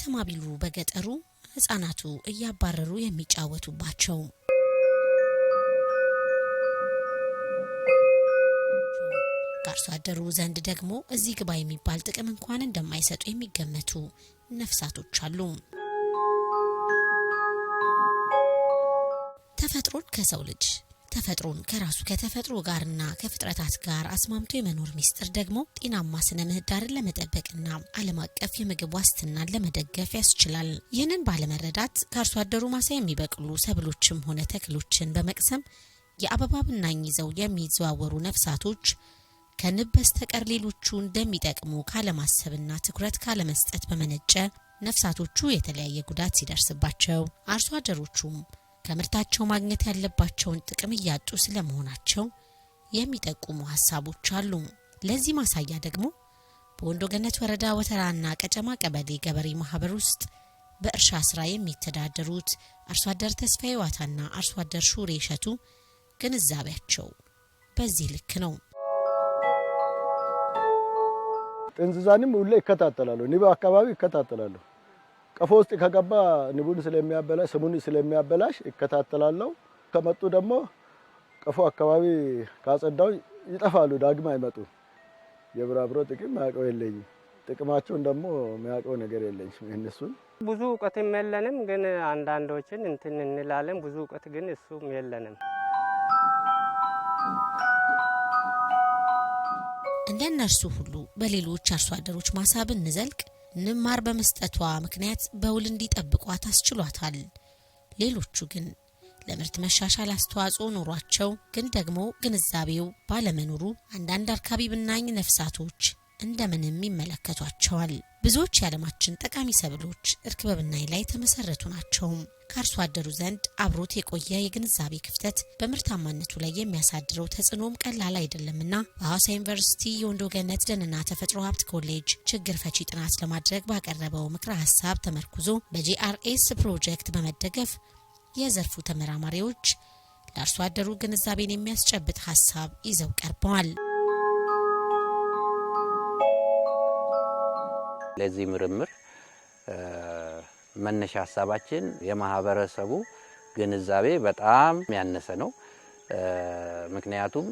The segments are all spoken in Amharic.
በከተማ ቢሉ በገጠሩ ህጻናቱ እያባረሩ የሚጫወቱባቸው አርሶ አደሩ ዘንድ ደግሞ እዚህ ግባ የሚባል ጥቅም እንኳን እንደማይሰጡ የሚገመቱ ነፍሳቶች አሉ። ተፈጥሮን ከሰው ልጅ ተፈጥሮን ከራሱ ከተፈጥሮ ጋርና ከፍጥረታት ጋር አስማምቶ የመኖር ሚስጥር ደግሞ ጤናማ ስነ ምህዳርን ለመጠበቅና ዓለም አቀፍ የምግብ ዋስትናን ለመደገፍ ያስችላል። ይህንን ባለመረዳት ከአርሶ አደሩ ማሳ የሚበቅሉ ሰብሎችም ሆነ ተክሎችን በመቅሰም የአበባ ብናኝ ይዘው የሚዘዋወሩ ነፍሳቶች ከንብ በስተቀር ሌሎቹ እንደሚጠቅሙ ካለማሰብና ትኩረት ካለመስጠት በመነጨ ነፍሳቶቹ የተለያየ ጉዳት ሲደርስባቸው አርሶ አደሮቹም ከምርታቸው ማግኘት ያለባቸውን ጥቅም እያጡ ስለመሆናቸው የሚጠቁሙ ሀሳቦች አሉ። ለዚህ ማሳያ ደግሞ በወንዶ ገነት ወረዳ ወተራና ቀጨማ ቀበሌ ገበሬ ማህበር ውስጥ በእርሻ ስራ የሚተዳደሩት አርሶ አደር ተስፋ ዋታና አርሶ አደር ሹሬ እሸቱ ግንዛቤያቸው በዚህ ልክ ነው። ጥንዝዛንም ሁላ ይከታተላለሁ። እኔ በአካባቢ ይከታተላለሁ። ቀፎ ውስጥ ከገባ ንቡን ስለሚያበላሽ ስሙን ስለሚያበላሽ ይከታተላለሁ። ከመጡ ደግሞ ቀፎ አካባቢ ካጸዳው ይጠፋሉ፣ ዳግም አይመጡም። የብራብሮ ጥቅም ማያውቀው የለኝ ጥቅማቸውን ደግሞ የሚያውቀው ነገር የለኝ እነሱን ብዙ እውቀትም የለንም፣ ግን አንዳንዶችን እንትን እንላለን። ብዙ እውቀት ግን እሱም የለንም። እንደ እነርሱ ሁሉ በሌሎች አርሶ አደሮች ማሳብ እንዘልቅ ንማር በመስጠቷ ምክንያት በውል እንዲጠብቋት አስችሏታል። ሌሎቹ ግን ለምርት መሻሻል አስተዋጽኦ ኖሯቸው ግን ደግሞ ግንዛቤው ባለመኖሩ አንዳንድ አርካቢ ብናኝ ነፍሳቶች እንደምንም ይመለከቷቸዋል። ብዙዎች የዓለማችን ጠቃሚ ሰብሎች እርክበብናይ ላይ የተመሰረቱ ናቸው። ከአርሶ አደሩ ዘንድ አብሮት የቆየ የግንዛቤ ክፍተት በምርታማነቱ ላይ የሚያሳድረው ተጽዕኖም ቀላል አይደለምና በሐዋሳ ዩኒቨርሲቲ የወንዶ ገነት ደንና ተፈጥሮ ሀብት ኮሌጅ ችግር ፈቺ ጥናት ለማድረግ ባቀረበው ምክረ ሀሳብ ተመርኩዞ በጂአርኤስ ፕሮጀክት በመደገፍ የዘርፉ ተመራማሪዎች ለአርሶ አደሩ ግንዛቤን የሚያስጨብጥ ሀሳብ ይዘው ቀርበዋል። ለዚህ ምርምር መነሻ ሀሳባችን የማህበረሰቡ ግንዛቤ በጣም ያነሰ ነው። ምክንያቱም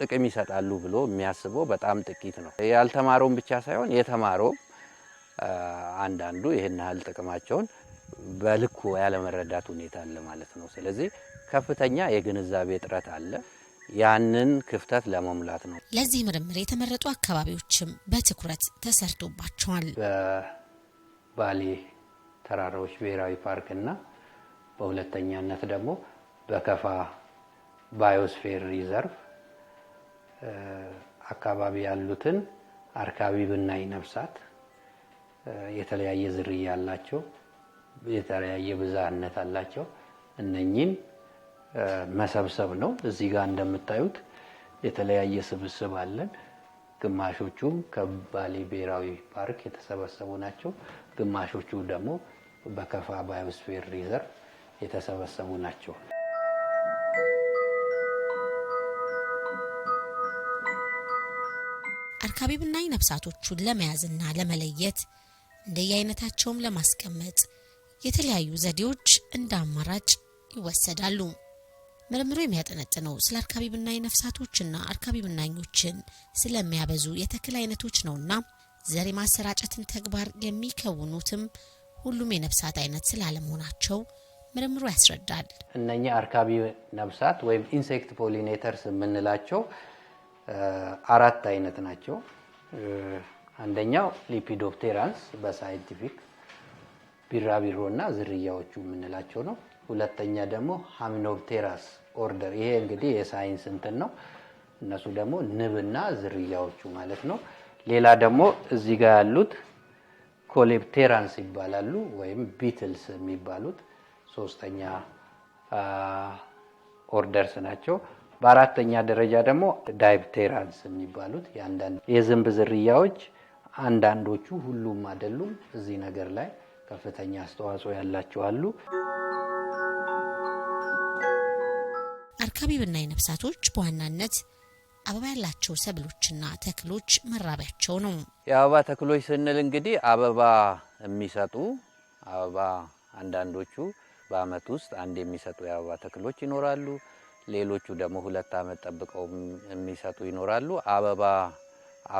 ጥቅም ይሰጣሉ ብሎ የሚያስበው በጣም ጥቂት ነው። ያልተማረውም ብቻ ሳይሆን የተማረውም አንዳንዱ ይህን ያህል ጥቅማቸውን በልኩ ያለመረዳት ሁኔታ አለ ማለት ነው። ስለዚህ ከፍተኛ የግንዛቤ እጥረት አለ። ያንን ክፍተት ለመሙላት ነው። ለዚህ ምርምር የተመረጡ አካባቢዎችም በትኩረት ተሰርቶባቸዋል። በባሌ ተራራዎች ብሔራዊ ፓርክ እና በሁለተኛነት ደግሞ በከፋ ባዮስፌር ሪዘርቭ አካባቢ ያሉትን አርካቢ ብናኝ ነፍሳት የተለያየ ዝርያ አላቸው፣ የተለያየ ብዛህነት አላቸው። እነኚህን መሰብሰብ ነው። እዚህ ጋር እንደምታዩት የተለያየ ስብስብ አለን። ግማሾቹ ከባሌ ብሔራዊ ፓርክ የተሰበሰቡ ናቸው። ግማሾቹ ደግሞ በከፋ ባዮስፌር ሪዘርቭ የተሰበሰቡ ናቸው። አርካቢ ብናኝ ነፍሳቶቹን ለመያዝና ለመለየት እንደየአይነታቸውም ለማስቀመጥ የተለያዩ ዘዴዎች እንደ አማራጭ ይወሰዳሉ። ምርምሩ የሚያጠነጥነው ስለ አርካቢ ብናኝ ነፍሳቶችና አርካቢ ብናኞችን ስለሚያበዙ የተክል አይነቶች ነውና ዘር የማሰራጨትን ተግባር የሚከውኑትም ሁሉም የነፍሳት አይነት ስላለመሆናቸው ምርምሩ ያስረዳል። እነኚህ አርካቢ ነፍሳት ወይም ኢንሴክት ፖሊኔተርስ የምንላቸው አራት አይነት ናቸው። አንደኛው ሊፒዶፕቴራንስ በሳይንቲፊክ ቢራቢሮ እና ዝርያዎቹ የምንላቸው ነው። ሁለተኛ ደግሞ ሃሚኖፕቴራስ ኦርደር። ይሄ እንግዲህ የሳይንስ እንትን ነው። እነሱ ደግሞ ንብና ዝርያዎቹ ማለት ነው። ሌላ ደግሞ እዚህ ጋር ያሉት ኮሌፕቴራንስ ይባላሉ ወይም ቢትልስ የሚባሉት ሶስተኛ ኦርደርስ ናቸው። በአራተኛ ደረጃ ደግሞ ዳይፕቴራንስ የሚባሉት የአንዳንድ የዝንብ ዝርያዎች አንዳንዶቹ፣ ሁሉም አይደሉም፣ እዚህ ነገር ላይ ከፍተኛ አስተዋጽኦ ያላቸው አሉ። አካባቢብና ነፍሳቶች በዋናነት አበባ ያላቸው ሰብሎችና ተክሎች መራቢያቸው ነው። የአበባ ተክሎች ስንል እንግዲህ አበባ የሚሰጡ አበባ አንዳንዶቹ በአመት ውስጥ አንድ የሚሰጡ የአበባ ተክሎች ይኖራሉ። ሌሎቹ ደግሞ ሁለት አመት ጠብቀው የሚሰጡ ይኖራሉ። አበባ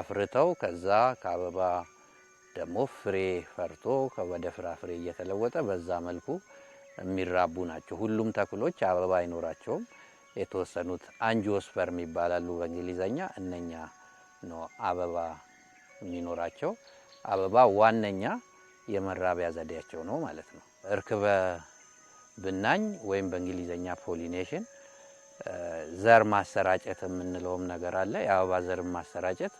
አፍርተው ከዛ ከአበባ ደግሞ ፍሬ ፈርቶ ወደ ፍራፍሬ እየተለወጠ በዛ መልኩ የሚራቡ ናቸው። ሁሉም ተክሎች አበባ አይኖራቸውም። የተወሰኑት አንጂኦስፐርም ይባላሉ በእንግሊዘኛ። እነኛ ነው አበባ የሚኖራቸው። አበባ ዋነኛ የመራቢያ ዘዴያቸው ነው ማለት ነው። እርክበ ብናኝ ወይም በእንግሊዘኛ ፖሊኔሽን ዘር ማሰራጨት የምንለውም ነገር አለ። የአበባ ዘር ማሰራጨት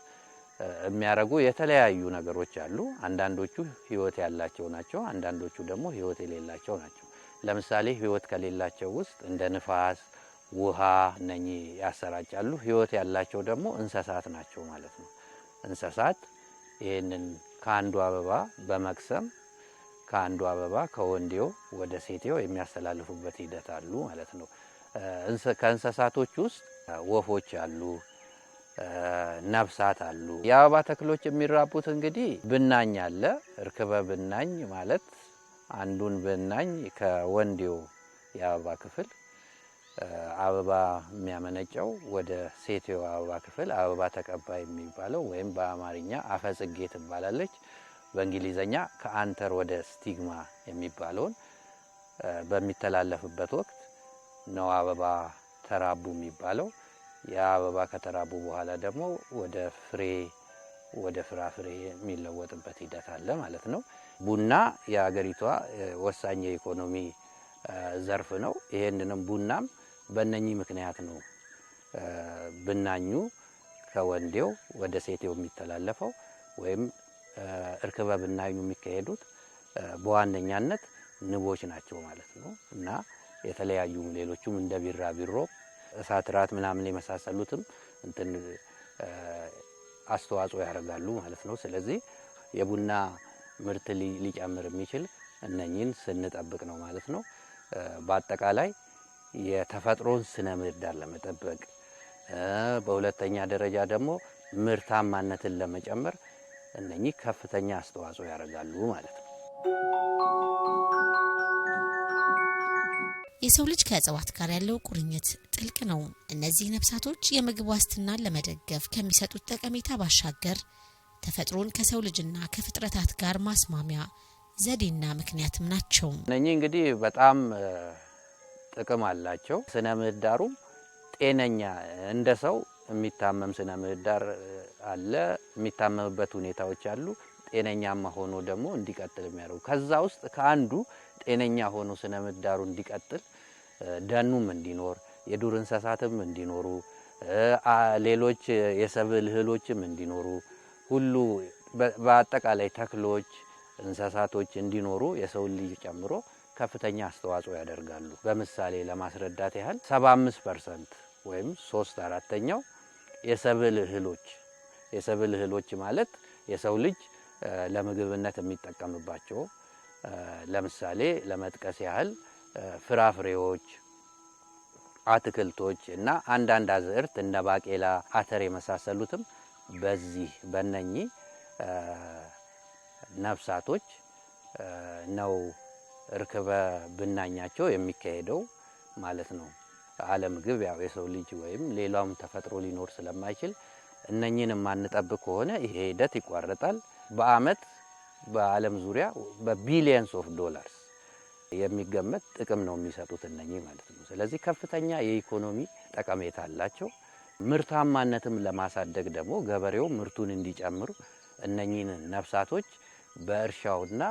የሚያደርጉ የተለያዩ ነገሮች አሉ። አንዳንዶቹ ህይወት ያላቸው ናቸው፣ አንዳንዶቹ ደግሞ ህይወት የሌላቸው ናቸው። ለምሳሌ ህይወት ከሌላቸው ውስጥ እንደ ንፋስ ውሃ እነኚህ ያሰራጫሉ። ህይወት ያላቸው ደግሞ እንስሳት ናቸው ማለት ነው። እንስሳት ይህንን ከአንዱ አበባ በመቅሰም ከአንዱ አበባ ከወንዴው ወደ ሴቴው የሚያስተላልፉበት ሂደት አሉ ማለት ነው። ከእንስሳቶች ውስጥ ወፎች አሉ፣ ነፍሳት አሉ። የአበባ ተክሎች የሚራቡት እንግዲህ ብናኝ አለ። እርክበ ብናኝ ማለት አንዱን ብናኝ ከወንዴው የአበባ ክፍል አበባ የሚያመነጨው ወደ ሴትዮ አበባ ክፍል አበባ ተቀባይ የሚባለው ወይም በአማርኛ አፈጽጌ ትባላለች። በእንግሊዘኛ ከአንተር ወደ ስቲግማ የሚባለውን በሚተላለፍበት ወቅት ነው አበባ ተራቡ የሚባለው። የአበባ ከተራቡ በኋላ ደግሞ ወደ ፍሬ ወደ ፍራፍሬ የሚለወጥበት ሂደት አለ ማለት ነው። ቡና የሀገሪቷ ወሳኝ የኢኮኖሚ ዘርፍ ነው። ይህንንም ቡናም በእነኚህ ምክንያት ነው ብናኙ ከወንዴው ወደ ሴቴው የሚተላለፈው ወይም እርክበ ብናኙ የሚካሄዱት በዋነኛነት ንቦች ናቸው ማለት ነው እና የተለያዩ ሌሎቹም እንደ ቢራቢሮ እሳት ራት ምናምን የመሳሰሉትም እንትን አስተዋጽኦ ያደርጋሉ ማለት ነው። ስለዚህ የቡና ምርት ሊጨምር የሚችል እነኚህን ስንጠብቅ ነው ማለት ነው። በአጠቃላይ የተፈጥሮን ስነ ምህዳር ለመጠበቅ በሁለተኛ ደረጃ ደግሞ ምርታማነትን ለመጨመር እነኚህ ከፍተኛ አስተዋጽኦ ያደርጋሉ ማለት ነው። የሰው ልጅ ከእጽዋት ጋር ያለው ቁርኝት ጥልቅ ነው። እነዚህ ነፍሳቶች የምግብ ዋስትናን ለመደገፍ ከሚሰጡት ጠቀሜታ ባሻገር ተፈጥሮን ከሰው ልጅና ከፍጥረታት ጋር ማስማሚያ ዘዴና ምክንያትም ናቸው። እነኚህ እንግዲህ በጣም ጥቅም አላቸው። ስነ ምህዳሩም ጤነኛ እንደ ሰው የሚታመም ስነ ምህዳር አለ፣ የሚታመምበት ሁኔታዎች አሉ። ጤነኛማ ሆኖ ደግሞ እንዲቀጥል የሚያደርጉ ከዛ ውስጥ ከአንዱ ጤነኛ ሆኖ ስነ ምህዳሩ እንዲቀጥል ደኑም እንዲኖር የዱር እንስሳትም እንዲኖሩ ሌሎች የሰብል እህሎችም እንዲኖሩ ሁሉ በአጠቃላይ ተክሎች፣ እንስሳቶች እንዲኖሩ የሰውን ልጅ ጨምሮ ከፍተኛ አስተዋጽኦ ያደርጋሉ። በምሳሌ ለማስረዳት ያህል 75 ፐርሰንት ወይም ሶስት አራተኛው የሰብል እህሎች የሰብል እህሎች ማለት የሰው ልጅ ለምግብነት የሚጠቀምባቸው ለምሳሌ ለመጥቀስ ያህል ፍራፍሬዎች፣ አትክልቶች እና አንዳንድ አዝእርት እንደ ባቄላ፣ አተር የመሳሰሉትም በዚህ በነኚህ ነፍሳቶች ነው እርክበ ብናኛቸው የሚካሄደው ማለት ነው። አለምግብ ያው የሰው ልጅ ወይም ሌላውም ተፈጥሮ ሊኖር ስለማይችል እነኚህን የማንጠብቅ ከሆነ ይሄ ሂደት ይቋረጣል። በአመት በዓለም ዙሪያ በቢሊየንስ ኦፍ ዶላርስ የሚገመት ጥቅም ነው የሚሰጡት እነኚህ ማለት ነው። ስለዚህ ከፍተኛ የኢኮኖሚ ጠቀሜታ አላቸው። ምርታማነትም ለማሳደግ ደግሞ ገበሬው ምርቱን እንዲጨምሩ እነኚህን ነፍሳቶች በእርሻውና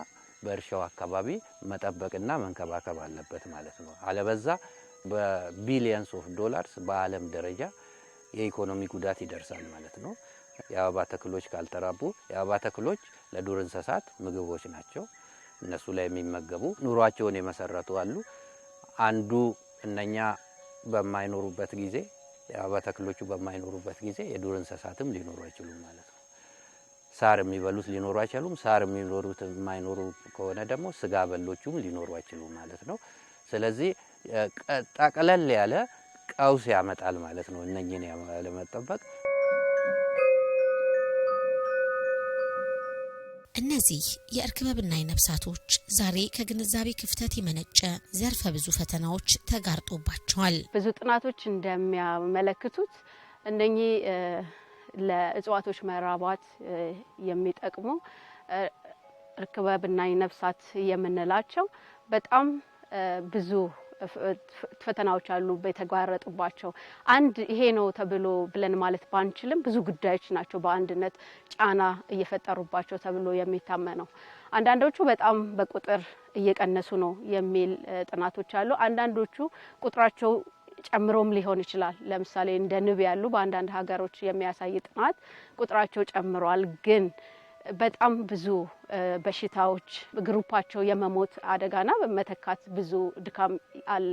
በእርሻው አካባቢ መጠበቅና መንከባከብ አለበት ማለት ነው። አለበዛ በቢሊየንስ ኦፍ ዶላርስ በዓለም ደረጃ የኢኮኖሚ ጉዳት ይደርሳል ማለት ነው። የአበባ ተክሎች ካልተራቡ፣ የአበባ ተክሎች ለዱር እንስሳት ምግቦች ናቸው። እነሱ ላይ የሚመገቡ ኑሯቸውን የመሰረቱ አሉ። አንዱ እነኛ በማይኖሩበት ጊዜ የአበባ ተክሎቹ በማይኖሩበት ጊዜ የዱር እንስሳትም ሊኖሩ አይችሉም ማለት ነው። ሳር የሚበሉት ሊኖሩ አይችሉም። ሳር የሚኖሩት የማይኖሩ ከሆነ ደግሞ ስጋ በሎቹም ሊኖሩ አይችሉም ማለት ነው። ስለዚህ ጠቅለል ያለ ቀውስ ያመጣል ማለት ነው። እነኝን ለመጠበቅ እነዚህ የእርክበብና የነፍሳቶች ዛሬ ከግንዛቤ ክፍተት የመነጨ ዘርፈ ብዙ ፈተናዎች ተጋርጦባቸዋል። ብዙ ጥናቶች እንደሚያመለክቱት እነኚህ ለእጽዋቶች መራባት የሚጠቅሙ ርክበብና ነፍሳት የምንላቸው በጣም ብዙ ፈተናዎች አሉ የተጋረጡባቸው። አንድ ይሄ ነው ተብሎ ብለን ማለት ባንችልም ብዙ ጉዳዮች ናቸው በአንድነት ጫና እየፈጠሩባቸው ተብሎ የሚታመነው። አንዳንዶቹ በጣም በቁጥር እየቀነሱ ነው የሚል ጥናቶች አሉ። አንዳንዶቹ ቁጥራቸው ጨምሮም ሊሆን ይችላል። ለምሳሌ እንደ ንብ ያሉ በአንዳንድ ሀገሮች የሚያሳይ ጥናት ቁጥራቸው ጨምሯል፣ ግን በጣም ብዙ በሽታዎች ግሩፓቸው የመሞት አደጋና በመተካት ብዙ ድካም አለ።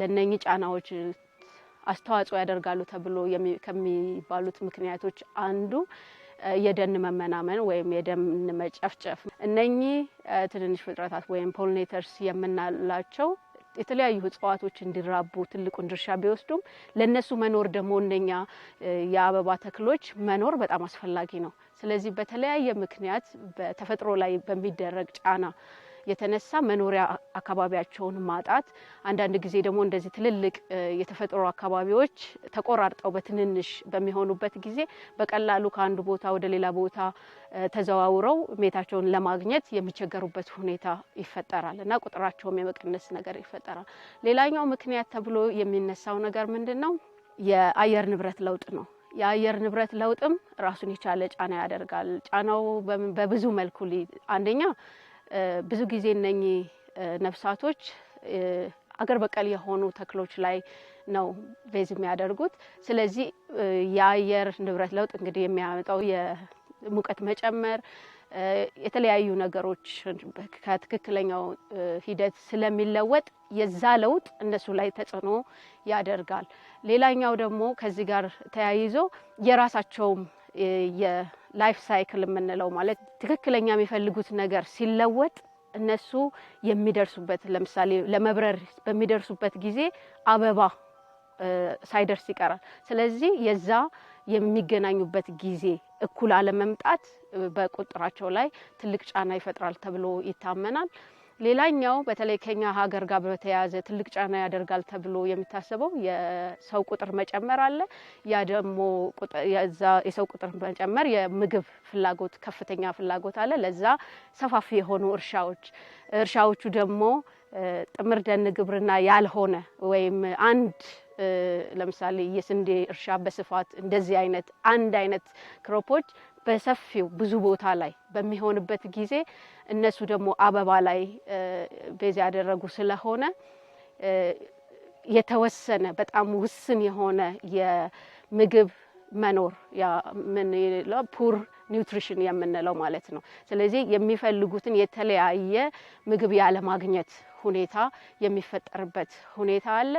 ለነኚህ ጫናዎች አስተዋጽኦ ያደርጋሉ ተብሎ ከሚባሉት ምክንያቶች አንዱ የደን መመናመን ወይም የደን መጨፍጨፍ። እነኚህ ትንንሽ ፍጥረታት ወይም ፖሊኔተርስ የምናላቸው የተለያዩ እጽዋቶች እንዲራቡ ትልቁን ድርሻ ቢወስዱም ለእነሱ መኖር ደግሞ እነኛ የአበባ ተክሎች መኖር በጣም አስፈላጊ ነው። ስለዚህ በተለያየ ምክንያት በተፈጥሮ ላይ በሚደረግ ጫና የተነሳ መኖሪያ አካባቢያቸውን ማጣት፣ አንዳንድ ጊዜ ደግሞ እንደዚህ ትልልቅ የተፈጥሮ አካባቢዎች ተቆራርጠው በትንንሽ በሚሆኑበት ጊዜ በቀላሉ ከአንዱ ቦታ ወደ ሌላ ቦታ ተዘዋውረው ሜታቸውን ለማግኘት የሚቸገሩበት ሁኔታ ይፈጠራል እና ቁጥራቸውም የመቀነስ ነገር ይፈጠራል። ሌላኛው ምክንያት ተብሎ የሚነሳው ነገር ምንድን ነው? የአየር ንብረት ለውጥ ነው። የአየር ንብረት ለውጥም ራሱን የቻለ ጫና ያደርጋል። ጫናው በብዙ መልኩ አንደኛ ብዙ ጊዜ እነኚህ ነፍሳቶች አገር በቀል የሆኑ ተክሎች ላይ ነው ቤዝ የሚያደርጉት። ስለዚህ የአየር ንብረት ለውጥ እንግዲህ የሚያመጣው የሙቀት መጨመር የተለያዩ ነገሮች ከትክክለኛው ሂደት ስለሚለወጥ የዛ ለውጥ እነሱ ላይ ተጽዕኖ ያደርጋል። ሌላኛው ደግሞ ከዚህ ጋር ተያይዞ የራሳቸውም ላይፍ ሳይክል የምንለው ማለት ትክክለኛ የሚፈልጉት ነገር ሲለወጥ እነሱ የሚደርሱበት ለምሳሌ ለመብረር በሚደርሱበት ጊዜ አበባ ሳይደርስ ይቀራል። ስለዚህ የዛ የሚገናኙበት ጊዜ እኩል አለመምጣት በቁጥራቸው ላይ ትልቅ ጫና ይፈጥራል ተብሎ ይታመናል። ሌላኛው በተለይ ከኛ ሀገር ጋር በተያያዘ ትልቅ ጫና ያደርጋል ተብሎ የሚታሰበው የሰው ቁጥር መጨመር አለ። ያ ደግሞ የሰው ቁጥር መጨመር የምግብ ፍላጎት ከፍተኛ ፍላጎት አለ። ለዛ ሰፋፊ የሆኑ እርሻዎች እርሻዎቹ ደግሞ ጥምር ደን ግብርና ያልሆነ ወይም አንድ ለምሳሌ የስንዴ እርሻ በስፋት እንደዚህ አይነት አንድ አይነት ክሮፖች በሰፊው ብዙ ቦታ ላይ በሚሆንበት ጊዜ እነሱ ደግሞ አበባ ላይ ቤዝ ያደረጉ ስለሆነ የተወሰነ በጣም ውስን የሆነ የምግብ መኖር ምንለው ፑር ኒውትሪሽን የምንለው ማለት ነው። ስለዚህ የሚፈልጉትን የተለያየ ምግብ ያለማግኘት ሁኔታ የሚፈጠርበት ሁኔታ አለ።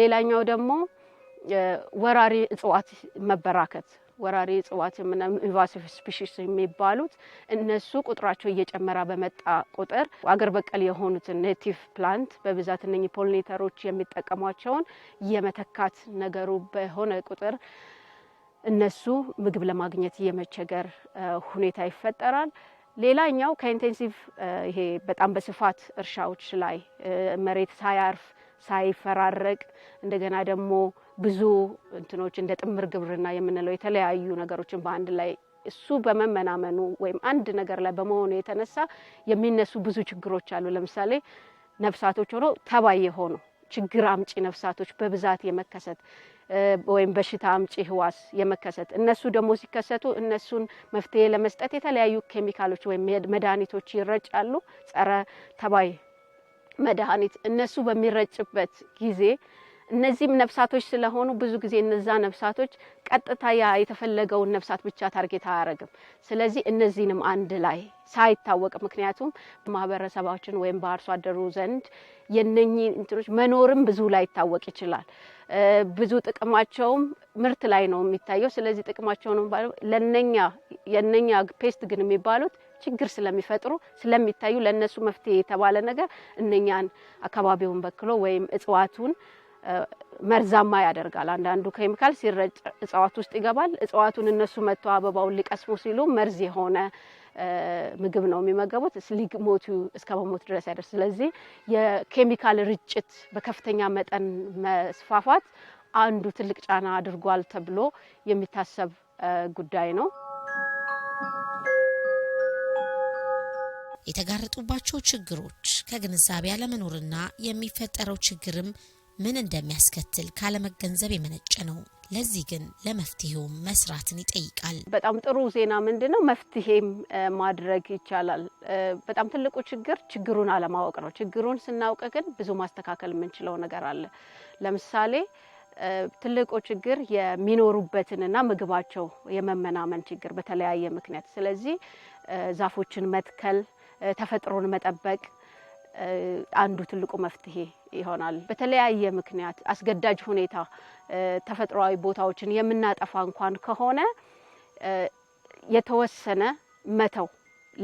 ሌላኛው ደግሞ ወራሪ እጽዋት መበራከት ወራሪ የምናምን ኢንቫሲቭ ስፒሺስ የሚባሉት እነሱ ቁጥራቸው እየጨመረ በመጣ ቁጥር አገር በቀል የሆኑትን ኔቲቭ ፕላንት በብዛት እነ ፖሊኔተሮች የሚጠቀሟቸውን የመተካት ነገሩ በሆነ ቁጥር እነሱ ምግብ ለማግኘት የመቸገር ሁኔታ ይፈጠራል። ሌላኛው ከኢንቴንሲቭ ይሄ በጣም በስፋት እርሻዎች ላይ መሬት ሳያርፍ ሳይፈራረቅ እንደገና ደግሞ ብዙ እንትኖች እንደ ጥምር ግብርና የምንለው የተለያዩ ነገሮችን በአንድ ላይ እሱ በመመናመኑ ወይም አንድ ነገር ላይ በመሆኑ የተነሳ የሚነሱ ብዙ ችግሮች አሉ። ለምሳሌ ነፍሳቶች ሆኖ ተባይ የሆኑ ችግር አምጪ ነፍሳቶች በብዛት የመከሰት ወይም በሽታ አምጪ ህዋስ የመከሰት እነሱ ደግሞ ሲከሰቱ እነሱን መፍትሄ ለመስጠት የተለያዩ ኬሚካሎች ወይም መድኃኒቶች ይረጫሉ ጸረ ተባይ መድኃኒት እነሱ በሚረጭበት ጊዜ እነዚህም ነፍሳቶች ስለሆኑ ብዙ ጊዜ እነዛ ነፍሳቶች ቀጥታ ያ የተፈለገውን ነፍሳት ብቻ ታርጌት አያደርግም። ስለዚህ እነዚህንም አንድ ላይ ሳይታወቅ ምክንያቱም ማህበረሰባችን ወይም በአርሶ አደሩ ዘንድ የነኚህ እንትኖች መኖርም ብዙ ላይ ይታወቅ ይችላል። ብዙ ጥቅማቸውም ምርት ላይ ነው የሚታየው። ስለዚህ ጥቅማቸው ነው ለነኛ የነኛ ፔስት ግን የሚባሉት ችግር ስለሚፈጥሩ ስለሚታዩ ለእነሱ መፍትሄ የተባለ ነገር እነኛን አካባቢውን በክሎ ወይም እጽዋቱን መርዛማ ያደርጋል። አንዳንዱ ኬሚካል ሲረጭ እጽዋት ውስጥ ይገባል። እጽዋቱን እነሱ መጥተው አበባውን ሊቀስሙ ሲሉ መርዝ የሆነ ምግብ ነው የሚመገቡት። ሊሞቱ እስከ መሞት ድረስ ያደርስ። ስለዚህ የኬሚካል ርጭት በከፍተኛ መጠን መስፋፋት አንዱ ትልቅ ጫና አድርጓል ተብሎ የሚታሰብ ጉዳይ ነው። የተጋረጡባቸው ችግሮች ከግንዛቤ አለመኖርና የሚፈጠረው ችግርም ምን እንደሚያስከትል ካለመገንዘብ የመነጨ ነው። ለዚህ ግን ለመፍትሄው መስራትን ይጠይቃል። በጣም ጥሩ ዜና ምንድን ነው? መፍትሄም ማድረግ ይቻላል። በጣም ትልቁ ችግር ችግሩን አለማወቅ ነው። ችግሩን ስናውቅ ግን ብዙ ማስተካከል የምንችለው ነገር አለ። ለምሳሌ ትልቁ ችግር የሚኖሩበትንና ምግባቸው የመመናመን ችግር በተለያየ ምክንያት። ስለዚህ ዛፎችን መትከል ተፈጥሮን መጠበቅ አንዱ ትልቁ መፍትሄ ይሆናል። በተለያየ ምክንያት አስገዳጅ ሁኔታ ተፈጥሯዊ ቦታዎችን የምናጠፋ እንኳን ከሆነ የተወሰነ መተው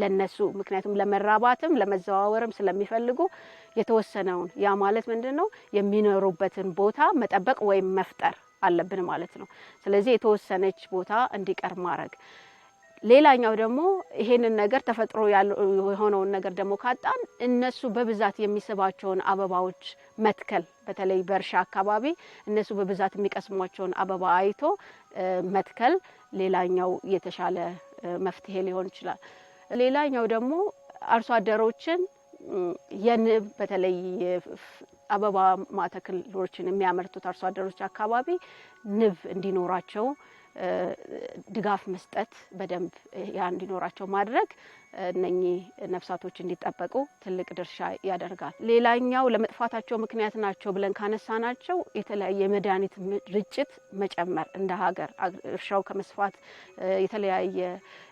ለነሱ ምክንያቱም ለመራባትም ለመዘዋወርም ስለሚፈልጉ የተወሰነውን ያ ማለት ምንድን ነው የሚኖሩበትን ቦታ መጠበቅ ወይም መፍጠር አለብን ማለት ነው። ስለዚህ የተወሰነች ቦታ እንዲቀር ማድረግ ሌላኛው ደግሞ ይሄንን ነገር ተፈጥሮ የሆነውን ነገር ደግሞ ካጣን እነሱ በብዛት የሚስባቸውን አበባዎች መትከል፣ በተለይ በእርሻ አካባቢ እነሱ በብዛት የሚቀስሟቸውን አበባ አይቶ መትከል ሌላኛው የተሻለ መፍትሄ ሊሆን ይችላል። ሌላኛው ደግሞ አርሶ አደሮችን የንብ በተለይ አበባ ማተክሎችን የሚያመርቱት አርሶ አደሮች አካባቢ ንብ እንዲኖራቸው ድጋፍ መስጠት በደንብ ያ እንዲኖራቸው ማድረግ እነኚህ ነፍሳቶች እንዲጠበቁ ትልቅ ድርሻ ያደርጋል። ሌላኛው ለመጥፋታቸው ምክንያት ናቸው ብለን ካነሳ ናቸው። የተለያየ የመድኃኒት ርጭት መጨመር እንደ ሀገር እርሻው ከመስፋት የተለያየ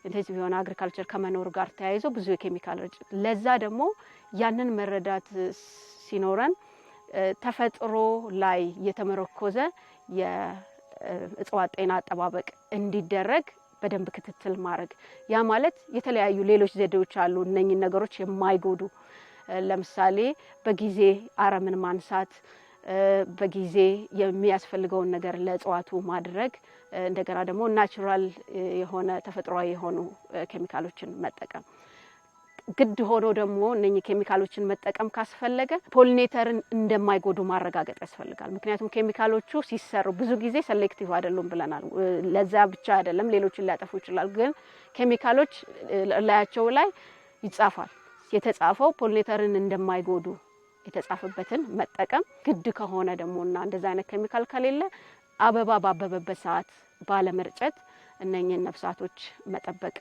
ኢንቴንሲቭ የሆነ አግሪካልቸር ከመኖር ጋር ተያይዞ ብዙ የኬሚካል ርጭት ለዛ ደግሞ ያንን መረዳት ሲኖረን ተፈጥሮ ላይ የተመረኮዘ እጽዋት ጤና አጠባበቅ እንዲደረግ በደንብ ክትትል ማድረግ ያ ማለት የተለያዩ ሌሎች ዘዴዎች አሉ። እነኝን ነገሮች የማይጎዱ ለምሳሌ በጊዜ አረምን ማንሳት፣ በጊዜ የሚያስፈልገውን ነገር ለእጽዋቱ ማድረግ፣ እንደገና ደግሞ ናቹራል የሆነ ተፈጥሯዊ የሆኑ ኬሚካሎችን መጠቀም ግድ ሆኖ ደግሞ እነኚህ ኬሚካሎችን መጠቀም ካስፈለገ ፖሊኔተርን እንደማይጎዱ ማረጋገጥ ያስፈልጋል። ምክንያቱም ኬሚካሎቹ ሲሰሩ ብዙ ጊዜ ሰሌክቲቭ አይደሉም ብለናል። ለዛ ብቻ አይደለም፣ ሌሎችን ሊያጠፉ ይችላል። ግን ኬሚካሎች ላያቸው ላይ ይጻፋል። የተጻፈው ፖሊኔተርን እንደማይጎዱ የተጻፈበትን መጠቀም ግድ ከሆነ ደግሞ እና እንደዚ አይነት ኬሚካል ከሌለ አበባ ባበበበት ሰዓት ባለመርጨት እነኝህን ነፍሳቶች መጠበቅ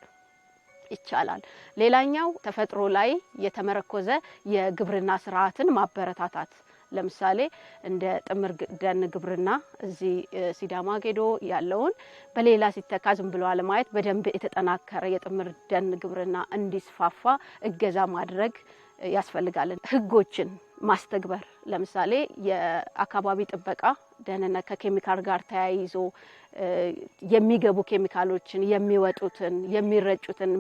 ይቻላል። ሌላኛው ተፈጥሮ ላይ የተመረኮዘ የግብርና ስርዓትን ማበረታታት ለምሳሌ እንደ ጥምር ደን ግብርና እዚህ ሲዳማ ጌዶ ያለውን በሌላ ሲተካ ዝም ብሎ አለማየት በደንብ የተጠናከረ የጥምር ደን ግብርና እንዲስፋፋ እገዛ ማድረግ ያስፈልጋል። ህጎችን ማስተግበር ለምሳሌ የአካባቢ ጥበቃ ደህንነት ከኬሚካል ጋር ተያይዞ የሚገቡ ኬሚካሎችን የሚወጡትን የሚረጩትን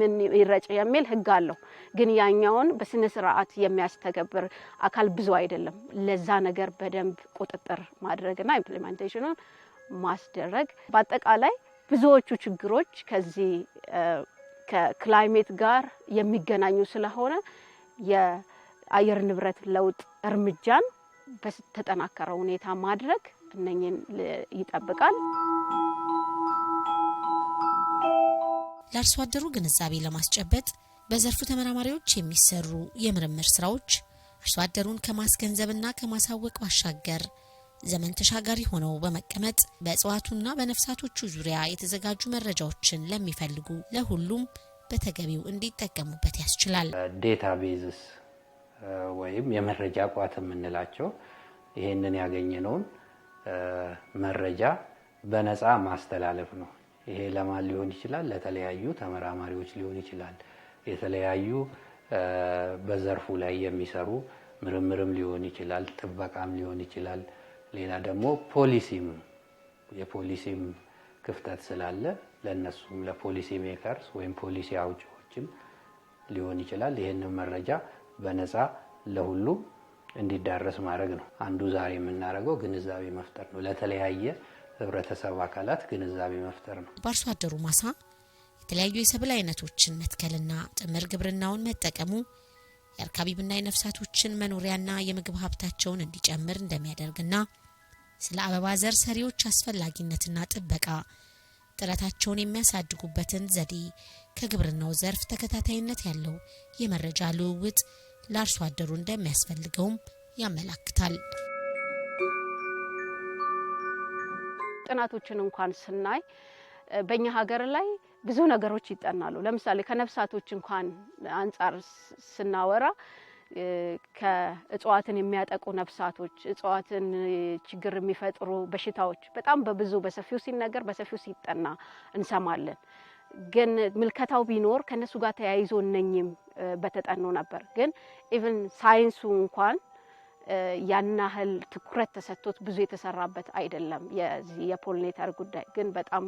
ምን ይረጭ የሚል ህግ አለው። ግን ያኛውን በስነ ስርዓት የሚያስተገብር አካል ብዙ አይደለም። ለዛ ነገር በደንብ ቁጥጥር ማድረግና ኢምፕሊሜንቴሽኑን ማስደረግ በአጠቃላይ ብዙዎቹ ችግሮች ከዚህ ከክላይሜት ጋር የሚገናኙ ስለሆነ አየር ንብረት ለውጥ እርምጃን በተጠናከረ ሁኔታ ማድረግ እነኝን ይጠብቃል። ለአርሶ አደሩ ግንዛቤ ለማስጨበጥ በዘርፉ ተመራማሪዎች የሚሰሩ የምርምር ስራዎች አርሶ አደሩን ከማስገንዘብና ከማሳወቅ ባሻገር ዘመን ተሻጋሪ ሆነው በመቀመጥ በእጽዋቱና በነፍሳቶቹ ዙሪያ የተዘጋጁ መረጃዎችን ለሚፈልጉ ለሁሉም በተገቢው እንዲጠቀሙበት ያስችላል። ዴታ ቤዝስ ወይም የመረጃ ቋት የምንላቸው ይህንን ያገኘነውን መረጃ በነፃ ማስተላለፍ ነው። ይሄ ለማን ሊሆን ይችላል? ለተለያዩ ተመራማሪዎች ሊሆን ይችላል። የተለያዩ በዘርፉ ላይ የሚሰሩ ምርምርም ሊሆን ይችላል፣ ጥበቃም ሊሆን ይችላል። ሌላ ደግሞ ፖሊሲም የፖሊሲም ክፍተት ስላለ ለእነሱም ለፖሊሲ ሜከርስ ወይም ፖሊሲ አውጪዎችም ሊሆን ይችላል ይህንን መረጃ በነፃ ለሁሉም እንዲዳረስ ማድረግ ነው። አንዱ ዛሬ የምናደርገው ግንዛቤ መፍጠር ነው። ለተለያየ ህብረተሰብ አካላት ግንዛቤ መፍጠር ነው። በአርሶ አደሩ ማሳ የተለያዩ የሰብል አይነቶችን መትከልና ጥምር ግብርናውን መጠቀሙ የአርካቢብና የነፍሳቶችን መኖሪያና የምግብ ሀብታቸውን እንዲጨምር እንደሚያደርግና ስለ አበባ ዘር ሰሪዎች አስፈላጊነትና ጥበቃ ጥረታቸውን የሚያሳድጉበትን ዘዴ ከግብርናው ዘርፍ ተከታታይነት ያለው የመረጃ ልውውጥ ለአርሶ አደሩ እንደሚያስፈልገውም ያመላክታል። ጥናቶችን እንኳን ስናይ በእኛ ሀገር ላይ ብዙ ነገሮች ይጠናሉ። ለምሳሌ ከነፍሳቶች እንኳን አንጻር ስናወራ ከእጽዋትን የሚያጠቁ ነፍሳቶች፣ እጽዋትን ችግር የሚፈጥሩ በሽታዎች በጣም በብዙ በሰፊው ሲነገር በሰፊው ሲጠና እንሰማለን። ግን ምልከታው ቢኖር ከነሱ ጋር ተያይዞ እነኝም በተጠኑ ነበር። ግን ኢቨን ሳይንሱ እንኳን ያን ያህል ትኩረት ተሰጥቶት ብዙ የተሰራበት አይደለም። የዚህ የፖሊኔተር ጉዳይ ግን በጣም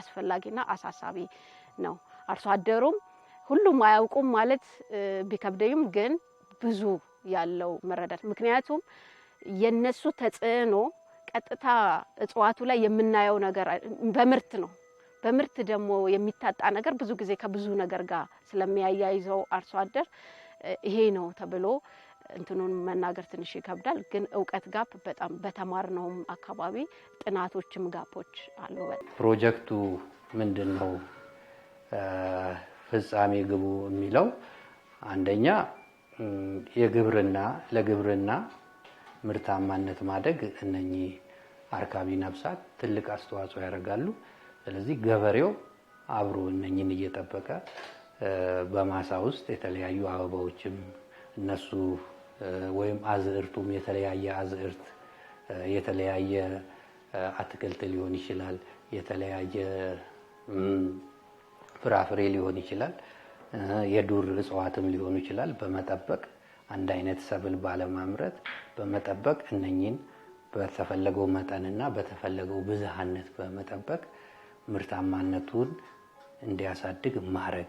አስፈላጊና አሳሳቢ ነው። አርሶ አደሩም ሁሉም አያውቁም ማለት ቢከብደኝም ግን ብዙ ያለው መረዳት ምክንያቱም የነሱ ተጽዕኖ ቀጥታ እጽዋቱ ላይ የምናየው ነገር በምርት ነው በምርት ደግሞ የሚታጣ ነገር ብዙ ጊዜ ከብዙ ነገር ጋር ስለሚያያይዘው አርሶ አደር ይሄ ነው ተብሎ እንትኑን መናገር ትንሽ ይከብዳል። ግን እውቀት ጋፕ በጣም በተማርነውም አካባቢ ጥናቶችም ጋፖች አሉ። ፕሮጀክቱ ምንድን ነው ፍጻሜ ግቡ የሚለው አንደኛ የግብርና ለግብርና ምርታማነት ማደግ እነኚህ አርካቢ ነፍሳት ትልቅ አስተዋጽኦ ያደርጋሉ። ስለዚህ ገበሬው አብሮ እነኝን እየጠበቀ በማሳ ውስጥ የተለያዩ አበባዎችም እነሱ ወይም አዝእርቱም የተለያየ አዝዕርት የተለያየ አትክልት ሊሆን ይችላል፣ የተለያየ ፍራፍሬ ሊሆን ይችላል፣ የዱር እጽዋትም ሊሆኑ ይችላል። በመጠበቅ አንድ አይነት ሰብል ባለማምረት በመጠበቅ እነኝን በተፈለገው መጠንና በተፈለገው ብዝሃነት በመጠበቅ ምርታማነቱን እንዲያሳድግ ማድረግ